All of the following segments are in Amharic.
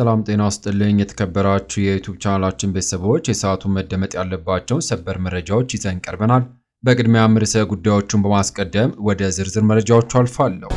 ሰላም ጤና ውስጥልኝ የተከበራችሁ የዩቱብ ቻናላችን ቤተሰቦች የሰዓቱን መደመጥ ያለባቸውን ሰበር መረጃዎች ይዘን ቀርበናል። በቅድሚያም ርዕሰ ጉዳዮቹን በማስቀደም ወደ ዝርዝር መረጃዎቹ አልፋለሁ።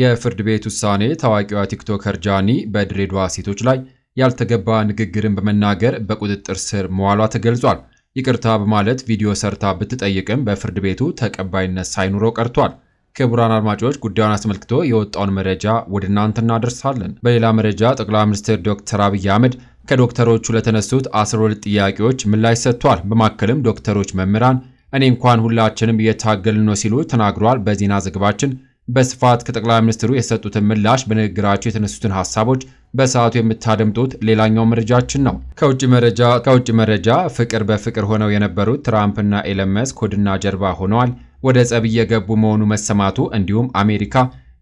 የፍርድ ቤት ውሳኔ ታዋቂዋ ቲክቶከር ጃኒ በድሬዳዋ ሴቶች ላይ ያልተገባ ንግግርን በመናገር በቁጥጥር ስር መዋሏ ተገልጿል። ይቅርታ በማለት ቪዲዮ ሰርታ ብትጠይቅም በፍርድ ቤቱ ተቀባይነት ሳይኑረው ቀርቷል። ክቡራን አድማጮች ጉዳዩን አስመልክቶ የወጣውን መረጃ ወደ እናንተ እናደርሳለን። በሌላ መረጃ ጠቅላይ ሚኒስትር ዶክተር አብይ አህመድ ከዶክተሮቹ ለተነሱት 12 ጥያቄዎች ምላሽ ሰጥቷል። በማከልም ዶክተሮች፣ መምህራን እኔ እንኳን ሁላችንም እየታገልን ነው ሲሉ ተናግሯል። በዜና ዘገባችን በስፋት ከጠቅላይ ሚኒስትሩ የሰጡትን ምላሽ፣ በንግግራቸው የተነሱትን ሀሳቦች በሰዓቱ የምታደምጡት ሌላኛው መረጃችን ነው። ከውጭ መረጃ ከውጭ መረጃ ፍቅር በፍቅር ሆነው የነበሩት ትራምፕና ኤለን መስክ ሆድና ጀርባ ሆነዋል፣ ወደ ጸብ እየገቡ መሆኑ መሰማቱ እንዲሁም አሜሪካ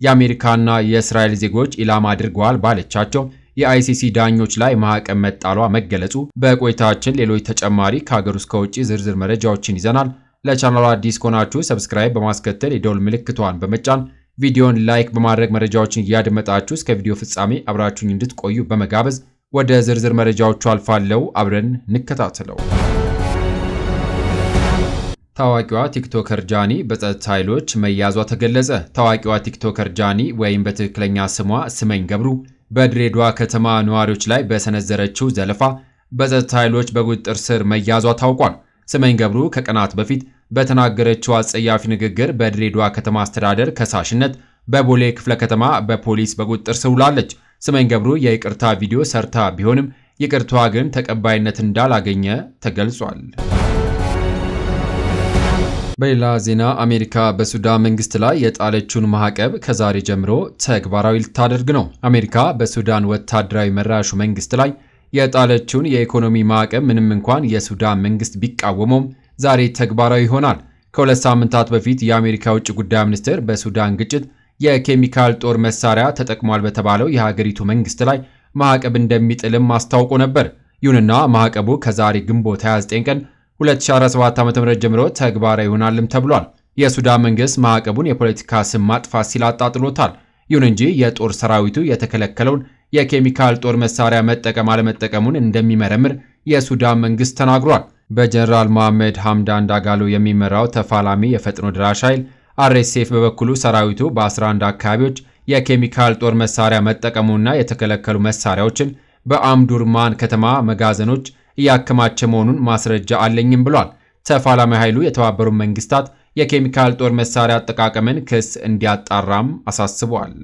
የአሜሪካና የእስራኤል ዜጎች ኢላማ አድርገዋል ባለቻቸው የአይሲሲ ዳኞች ላይ ማዕቀብ መጣሏ መገለጹ በቆይታችን ሌሎች ተጨማሪ ከሀገር ውስጥ ከውጭ ዝርዝር መረጃዎችን ይዘናል። ለቻናሉ አዲስ ከሆናችሁ ሰብስክራይብ በማስከተል የደውል ምልክቷን በመጫን ቪዲዮን ላይክ በማድረግ መረጃዎችን እያደመጣችሁ እስከ ቪዲዮ ፍጻሜ አብራችሁኝ እንድትቆዩ በመጋበዝ ወደ ዝርዝር መረጃዎቹ አልፋለሁ። አብረን እንከታተለው። ታዋቂዋ ቲክቶከር ጃኒ በጸጥታ ኃይሎች መያዟ ተገለጸ። ታዋቂዋ ቲክቶከር ጃኒ ወይም በትክክለኛ ስሟ ስመኝ ገብሩ በድሬዳዋ ከተማ ነዋሪዎች ላይ በሰነዘረችው ዘለፋ በጸጥታ ኃይሎች በቁጥጥር ስር መያዟ ታውቋል። ስመኝ ገብሩ ከቀናት በፊት በተናገረችው አጸያፊ ንግግር በድሬዳዋ ከተማ አስተዳደር ከሳሽነት በቦሌ ክፍለ ከተማ በፖሊስ በቁጥጥር ስር ውላለች። ስመኝ ገብሩ የይቅርታ ቪዲዮ ሰርታ ቢሆንም ይቅርቷ ግን ተቀባይነት እንዳላገኘ ተገልጿል። በሌላ ዜና አሜሪካ በሱዳን መንግስት ላይ የጣለችውን ማዕቀብ ከዛሬ ጀምሮ ተግባራዊ ልታደርግ ነው። አሜሪካ በሱዳን ወታደራዊ መራሹ መንግስት ላይ የጣለችውን የኢኮኖሚ ማዕቀብ ምንም እንኳን የሱዳን መንግስት ቢቃወመውም ዛሬ ተግባራዊ ይሆናል። ከሁለት ሳምንታት በፊት የአሜሪካ ውጭ ጉዳይ ሚኒስትር በሱዳን ግጭት የኬሚካል ጦር መሳሪያ ተጠቅሟል በተባለው የሀገሪቱ መንግስት ላይ ማዕቀብ እንደሚጥልም አስታውቆ ነበር። ይሁንና ማዕቀቡ ከዛሬ ግንቦት 29 ቀን 2017 ዓ.ም ጀምሮ ተግባራዊ ይሆናልም ተብሏል። የሱዳን መንግስት ማዕቀቡን የፖለቲካ ስም ማጥፋት ሲል አጣጥሎታል። ይሁን እንጂ የጦር ሰራዊቱ የተከለከለውን የኬሚካል ጦር መሳሪያ መጠቀም አለመጠቀሙን እንደሚመረምር የሱዳን መንግስት ተናግሯል። በጀነራል መሐመድ ሐምዳን ዳጋሎ የሚመራው ተፋላሚ የፈጥኖ ድራሽ ኃይል አርኤስኤፍ በበኩሉ ሰራዊቱ በ11 አካባቢዎች የኬሚካል ጦር መሳሪያ መጠቀሙና የተከለከሉ መሳሪያዎችን በአምዱርማን ከተማ መጋዘኖች እያከማቸ መሆኑን ማስረጃ አለኝም ብሏል። ተፋላሚ ኃይሉ የተባበሩት መንግስታት የኬሚካል ጦር መሳሪያ አጠቃቀምን ክስ እንዲያጣራም አሳስቧል።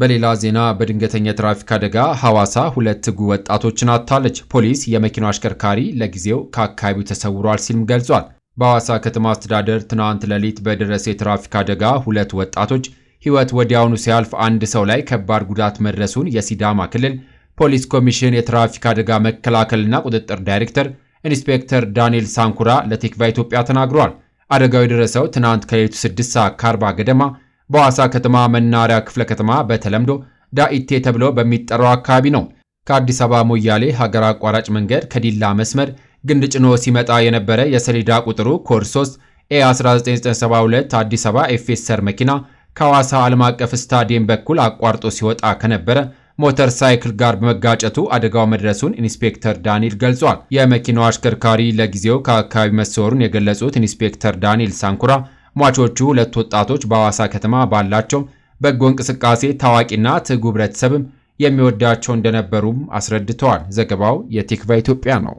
በሌላ ዜና በድንገተኛ የትራፊክ አደጋ ሐዋሳ ሁለት ህጉ ወጣቶችን አጥታለች። ፖሊስ የመኪናው አሽከርካሪ ለጊዜው ከአካባቢው ተሰውሯል ሲልም ገልጿል። በሐዋሳ ከተማ አስተዳደር ትናንት ሌሊት በደረሰ የትራፊክ አደጋ ሁለት ወጣቶች ህይወት ወዲያውኑ ሲያልፍ አንድ ሰው ላይ ከባድ ጉዳት መድረሱን የሲዳማ ክልል ፖሊስ ኮሚሽን የትራፊክ አደጋ መከላከልና ቁጥጥር ዳይሬክተር ኢንስፔክተር ዳንኤል ሳንኩራ ለቴክቫ ኢትዮጵያ ተናግሯል። አደጋው የደረሰው ትናንት ከሌሊቱ 6 ሰዓት ከ40 ገደማ በሐዋሳ ከተማ መናሪያ ክፍለ ከተማ በተለምዶ ዳኢቴ ተብሎ በሚጠራው አካባቢ ነው። ከአዲስ አበባ ሞያሌ ሀገር አቋራጭ መንገድ ከዲላ መስመር ግንድ ጭኖ ሲመጣ የነበረ የሰሌዳ ቁጥሩ ኮድ 3 ኤ1972 አዲስ አበባ ኤፌሰር መኪና ከሐዋሳ ዓለም አቀፍ ስታዲየም በኩል አቋርጦ ሲወጣ ከነበረ ሞተር ሳይክል ጋር በመጋጨቱ አደጋው መድረሱን ኢንስፔክተር ዳንኤል ገልጿል። የመኪናው አሽከርካሪ ለጊዜው ከአካባቢ መሰወሩን የገለጹት ኢንስፔክተር ዳንኤል ሳንኩራ ሟቾቹ ሁለት ወጣቶች በሐዋሳ ከተማ ባላቸው በጎ እንቅስቃሴ ታዋቂና ትጉ ህብረተሰብም የሚወዳቸው እንደነበሩም አስረድተዋል። ዘገባው የቲክቫ ኢትዮጵያ ነው።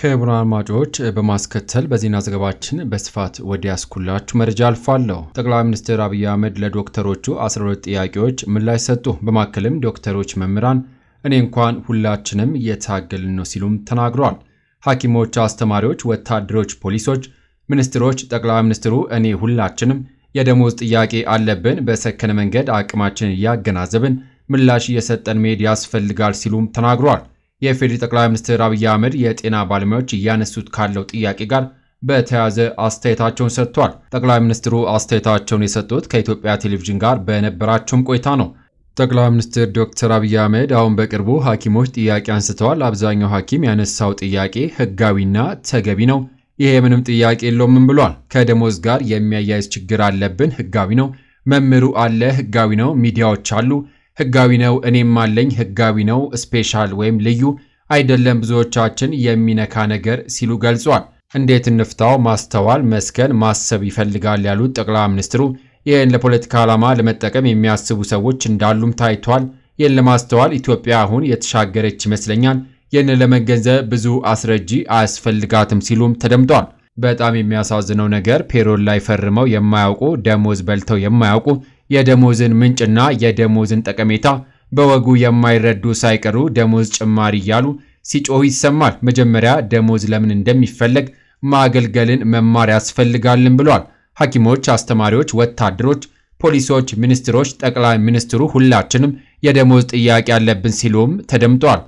ክቡር አድማጮች በማስከተል በዜና ዘገባችን በስፋት ወደ ያስኩላችሁ መረጃ አልፋለሁ። ጠቅላይ ሚኒስትር አብይ አህመድ ለዶክተሮቹ 12 ጥያቄዎች ምላሽ ሰጡ። በማከልም ዶክተሮች፣ መምህራን እኔ እንኳን ሁላችንም እየታገልን ነው ሲሉም ተናግሯል። ሐኪሞች፣ አስተማሪዎች፣ ወታደሮች፣ ፖሊሶች፣ ሚኒስትሮች፣ ጠቅላይ ሚኒስትሩ፣ እኔ ሁላችንም የደሞዝ ጥያቄ አለብን። በሰከነ መንገድ አቅማችን እያገናዘብን ምላሽ እየሰጠን መሄድ ያስፈልጋል ሲሉም ተናግሯል። የፌዴሪ ጠቅላይ ሚኒስትር አብይ አህመድ የጤና ባለሙያዎች እያነሱት ካለው ጥያቄ ጋር በተያያዘ አስተያየታቸውን ሰጥቷል። ጠቅላይ ሚኒስትሩ አስተያየታቸውን የሰጡት ከኢትዮጵያ ቴሌቪዥን ጋር በነበራቸውም ቆይታ ነው። ጠቅላይ ሚኒስትር ዶክተር አብይ አህመድ አሁን በቅርቡ ሐኪሞች ጥያቄ አንስተዋል። አብዛኛው ሐኪም ያነሳው ጥያቄ ህጋዊና ተገቢ ነው፣ ይሄ ምንም ጥያቄ የለውም ብሏል። ከደሞዝ ጋር የሚያያይዝ ችግር አለብን፣ ህጋዊ ነው። መምህሩ አለ፣ ህጋዊ ነው። ሚዲያዎች አሉ፣ ህጋዊ ነው። እኔም አለኝ፣ ህጋዊ ነው። ስፔሻል ወይም ልዩ አይደለም፣ ብዙዎቻችን የሚነካ ነገር ሲሉ ገልጿል። እንዴት እንፍታው? ማስተዋል፣ መስከን፣ ማሰብ ይፈልጋል ያሉት ጠቅላይ ሚኒስትሩ ይህን ለፖለቲካ ዓላማ ለመጠቀም የሚያስቡ ሰዎች እንዳሉም ታይቷል። ይህን ለማስተዋል ኢትዮጵያ አሁን የተሻገረች ይመስለኛል። ይህን ለመገንዘብ ብዙ አስረጂ አያስፈልጋትም ሲሉም ተደምጧል። በጣም የሚያሳዝነው ነገር ፔሮል ላይ ፈርመው የማያውቁ ደሞዝ በልተው የማያውቁ የደሞዝን ምንጭና የደሞዝን ጠቀሜታ በወጉ የማይረዱ ሳይቀሩ ደሞዝ ጭማሪ እያሉ ሲጮሁ ይሰማል። መጀመሪያ ደሞዝ ለምን እንደሚፈለግ ማገልገልን መማር ያስፈልጋልን ብሏል። ሐኪሞች፣ አስተማሪዎች፣ ወታደሮች፣ ፖሊሶች፣ ሚኒስትሮች፣ ጠቅላይ ሚኒስትሩ ሁላችንም የደሞዝ ጥያቄ አለብን ሲሉም ተደምጧል።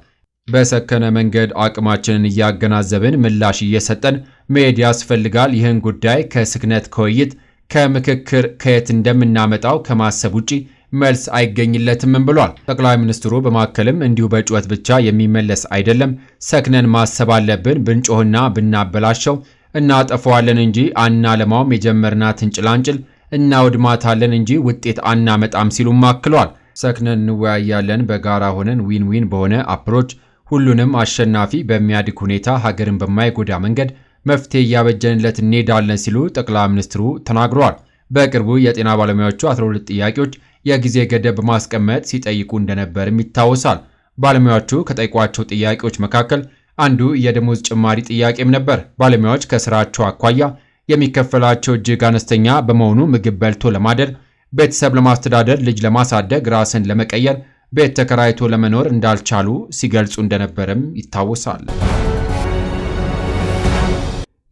በሰከነ መንገድ አቅማችንን እያገናዘብን ምላሽ እየሰጠን መሄድ ያስፈልጋል። ይህን ጉዳይ ከስክነት ከውይይት፣ ከምክክር ከየት እንደምናመጣው ከማሰብ ውጪ መልስ አይገኝለትምም ብሏል ጠቅላይ ሚኒስትሩ። በማከልም እንዲሁ በጩኸት ብቻ የሚመለስ አይደለም፣ ሰክነን ማሰብ አለብን። ብንጮህና ብናበላሸው እናጠፈዋለን እንጂ አናለማውም፣ የጀመርናትን ጭላንጭል እናውድማታለን እንጂ ውጤት አናመጣም ሲሉም አክለዋል። ሰክነን እንወያያለን፣ በጋራ ሆነን ዊን ዊን በሆነ አፕሮች ሁሉንም አሸናፊ በሚያድግ ሁኔታ ሀገርን በማይጎዳ መንገድ መፍትሄ እያበጀንለት እንሄዳለን ሲሉ ጠቅላይ ሚኒስትሩ ተናግረዋል። በቅርቡ የጤና ባለሙያዎቹ 12 ጥያቄዎች የጊዜ ገደብ በማስቀመጥ ሲጠይቁ እንደነበርም ይታወሳል። ባለሙያዎቹ ከጠይቋቸው ጥያቄዎች መካከል አንዱ የደሞዝ ጭማሪ ጥያቄም ነበር። ባለሙያዎች ከስራቸው አኳያ የሚከፈላቸው እጅግ አነስተኛ በመሆኑ ምግብ በልቶ ለማደር፣ ቤተሰብ ለማስተዳደር፣ ልጅ ለማሳደግ፣ ራስን ለመቀየር፣ ቤት ተከራይቶ ለመኖር እንዳልቻሉ ሲገልጹ እንደነበርም ይታወሳል።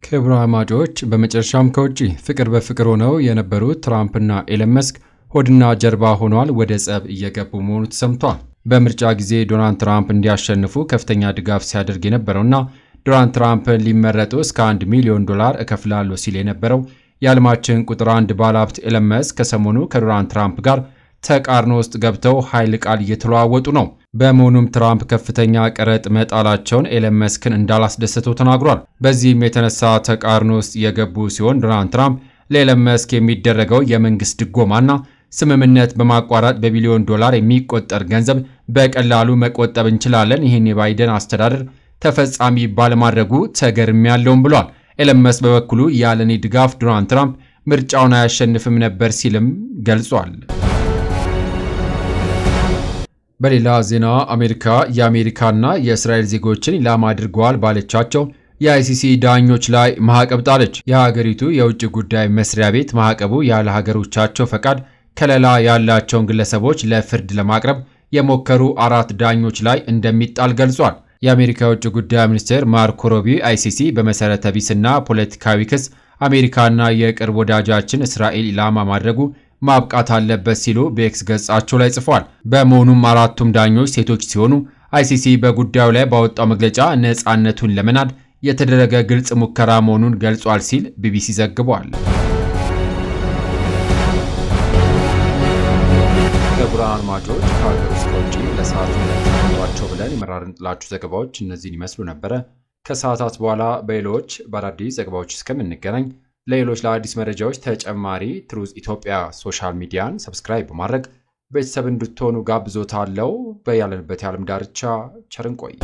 ክቡር አድማጮች፣ በመጨረሻም ከውጭ ፍቅር በፍቅር ሆነው የነበሩት ትራምፕና ኤለን መስክ ሆድና ጀርባ ሆኗል፣ ወደ ጸብ እየገቡ መሆኑ ተሰምቷል። በምርጫ ጊዜ ዶናልድ ትራምፕ እንዲያሸንፉ ከፍተኛ ድጋፍ ሲያደርግ የነበረውና ዶናልድ ትራምፕ ሊመረጡ እስከ 1 ሚሊዮን ዶላር እከፍላለሁ ሲል የነበረው የዓለማችን ቁጥር አንድ ባለሀብት ኤለን መስክ ከሰሞኑ ከዶናልድ ትራምፕ ጋር ተቃርኖ ውስጥ ገብተው ኃይል ቃል እየተለዋወጡ ነው። በመሆኑም ትራምፕ ከፍተኛ ቀረጥ መጣላቸውን ኤለን መስክን እንዳላስደሰተው ተናግሯል። በዚህም የተነሳ ተቃርኖ ውስጥ የገቡ ሲሆን ዶናልድ ትራምፕ ለኤለን መስክ የሚደረገው የመንግስት ድጎማና ስምምነት በማቋረጥ በቢሊዮን ዶላር የሚቆጠር ገንዘብ በቀላሉ መቆጠብ እንችላለን። ይህን የባይደን አስተዳደር ተፈጻሚ ባለማድረጉ ተገርም ያለውም ብሏል። ኤለን መስክ በበኩሉ ያለኔ ድጋፍ ዶናልድ ትራምፕ ምርጫውን አያሸንፍም ነበር ሲልም ገልጿል። በሌላ ዜና አሜሪካ የአሜሪካና የእስራኤል ዜጎችን ኢላማ አድርገዋል ባለቻቸው የአይሲሲ ዳኞች ላይ ማዕቀብ ጣለች። የሀገሪቱ የውጭ ጉዳይ መስሪያ ቤት ማዕቀቡ ያለ ሀገሮቻቸው ፈቃድ ከለላ ያላቸውን ግለሰቦች ለፍርድ ለማቅረብ የሞከሩ አራት ዳኞች ላይ እንደሚጣል ገልጿል። የአሜሪካ የውጭ ጉዳይ ሚኒስቴር ማርኮ ሩቢዮ አይሲሲ በመሠረተ ቢስና ፖለቲካዊ ክስ አሜሪካና የቅርብ ወዳጃችን እስራኤል ኢላማ ማድረጉ ማብቃት አለበት ሲሉ በኤክስ ገጻቸው ላይ ጽፏል። በመሆኑም አራቱም ዳኞች ሴቶች ሲሆኑ አይሲሲ በጉዳዩ ላይ ባወጣው መግለጫ ነፃነቱን ለመናድ የተደረገ ግልጽ ሙከራ መሆኑን ገልጿል ሲል ቢቢሲ ዘግቧል። ክቡራን አድማጮች ከሀገር ውስጥ ከውጭ ለሰዓት ለተቸው ብለን የመራርን ጥላችሁ ዘገባዎች እነዚህን ይመስሉ ነበረ። ከሰዓታት በኋላ በሌሎች በአዳዲስ ዘገባዎች እስከምንገናኝ ለሌሎች ለአዲስ መረጃዎች ተጨማሪ ትሩዝ ኢትዮጵያ ሶሻል ሚዲያን ሰብስክራይብ በማድረግ ቤተሰብ እንድትሆኑ ጋብዞታለው። በያለንበት የዓለም ዳርቻ ቸርን ቆይ